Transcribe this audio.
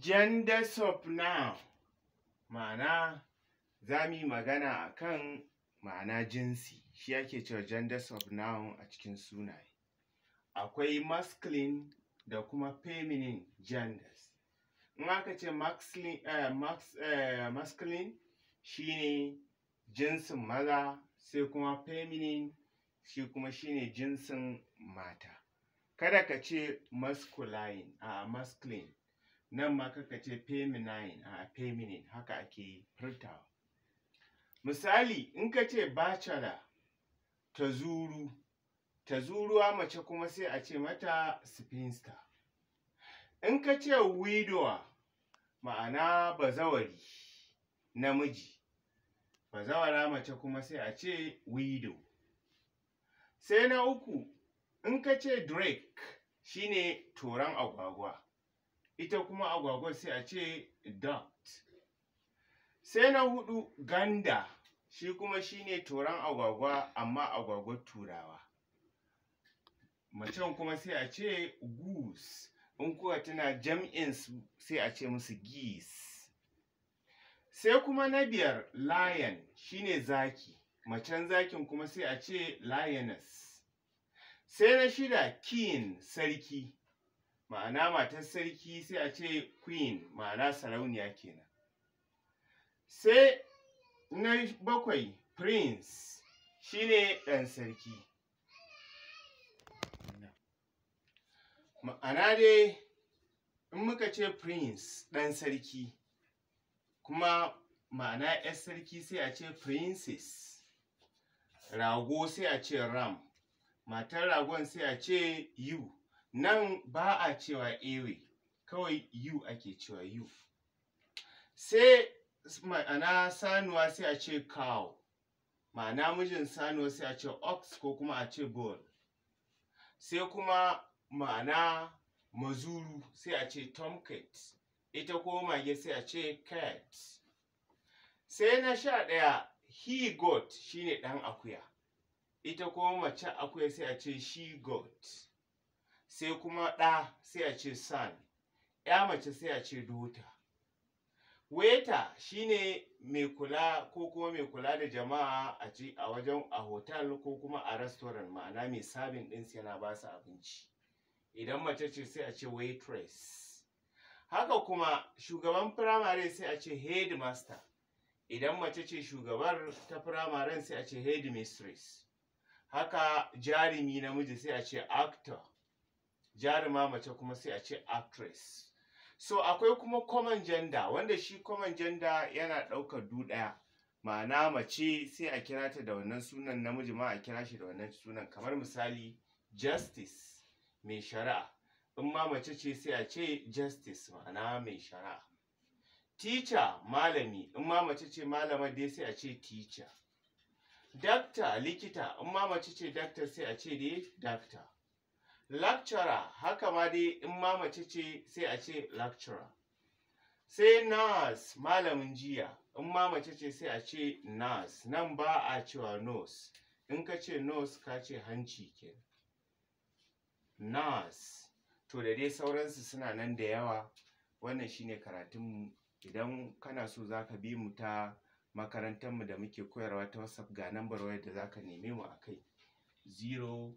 gender soap now ma'ana za mu magana a kan ma'ana jinsi shi ake cewa gender soap now a cikin sunaye akwai masculine da kuma feminine genders in aka ce masculine, eh, shine eh, jinsin maza sai kuma feminine shi kuma shine jinsin mata kada ka ce masculine a masculine nan ma kaka ce feminine a feminine haka ake furtawa misali in ka ce bachelor ta zuru ta zuruwa mace kuma sai a ce mata spinster in ka ce widowa ma'ana bazawari namiji bazawara mace kuma sai a ce wido sai na uku in ka ce drake shine turan agwagwa ita kuma agwagwa sai a ce duct sai na hudu ganda shi kuma shine toron agwagwa amma agwagwa turawa macen kuma sai a ce goose in kuka tana jam'in sai a ce musu geese sai kuma na biyar lion shine zaki macen zakin kuma sai a ce lioness sai na shida kin sarki ma'ana matar sarki sai a ce queen ma'ana sarauniya kenan sai na bakwai prince shine ɗan sarki ma'ana dai in muka ce prince ɗan sarki kuma ma'ana 'yar sarki sai a ce princess rago sai a ce ram matar ragon sai a ce you nan ba a cewa ewe kawai yu ake cewa yu sai ma'ana sanuwa sai a ce cow ma'ana mijin sanuwa sai a ce ox ko kuma a ce bull sai kuma ma'ana mazuru sai a ce tomcat ita ko mage sai a ce cat sai na sha ɗaya he got shine ɗan akuya ita ko mace akuya sai a ce she got. sai kuma ɗa sai a ce son ya mace sai a ce dota weta ne mai kula ko kuma mai kula da jama'a a ci a wajen a hotel ko kuma a restaurant ma'ana mai sabin ɗinsu yana ba su abinci idan mace ce sai a ce waitress haka kuma shugaban firamare sai a ce headmaster idan mace ce shugabar ta firamaren sai a ce headmistress haka jarumi namiji sai a ce actor jaruma mace kuma sai a ce actress so akwai kuma common gender wanda shi common gender yana ɗaukar du ɗaya ma'ana mace sai a kira ta da wannan sunan namiji ma a kira shi da wannan sunan kamar misali justice mai shari'a in ma mace ce sai a ce justice ma'ana mai shari'a teacher malami in ma mace ce malama dai sai a ce teacher doctor likita in ma mace ce doctor sai a ce dai doctor lecturer haka ma dai in ma mace ce sai a ce lecturer sai nurse malamin jiya in ma mace ce sai a ce nurse nan ba a cewa nurse in ka ce nurse ka ce hanci ke nurse to da dai sauransu suna nan da yawa wannan shine karatunmu idan kana so za ka bi mu ta makarantar mu da muke koyarwa ta whatsapp ga number wayar da za ka neme mu a kai 0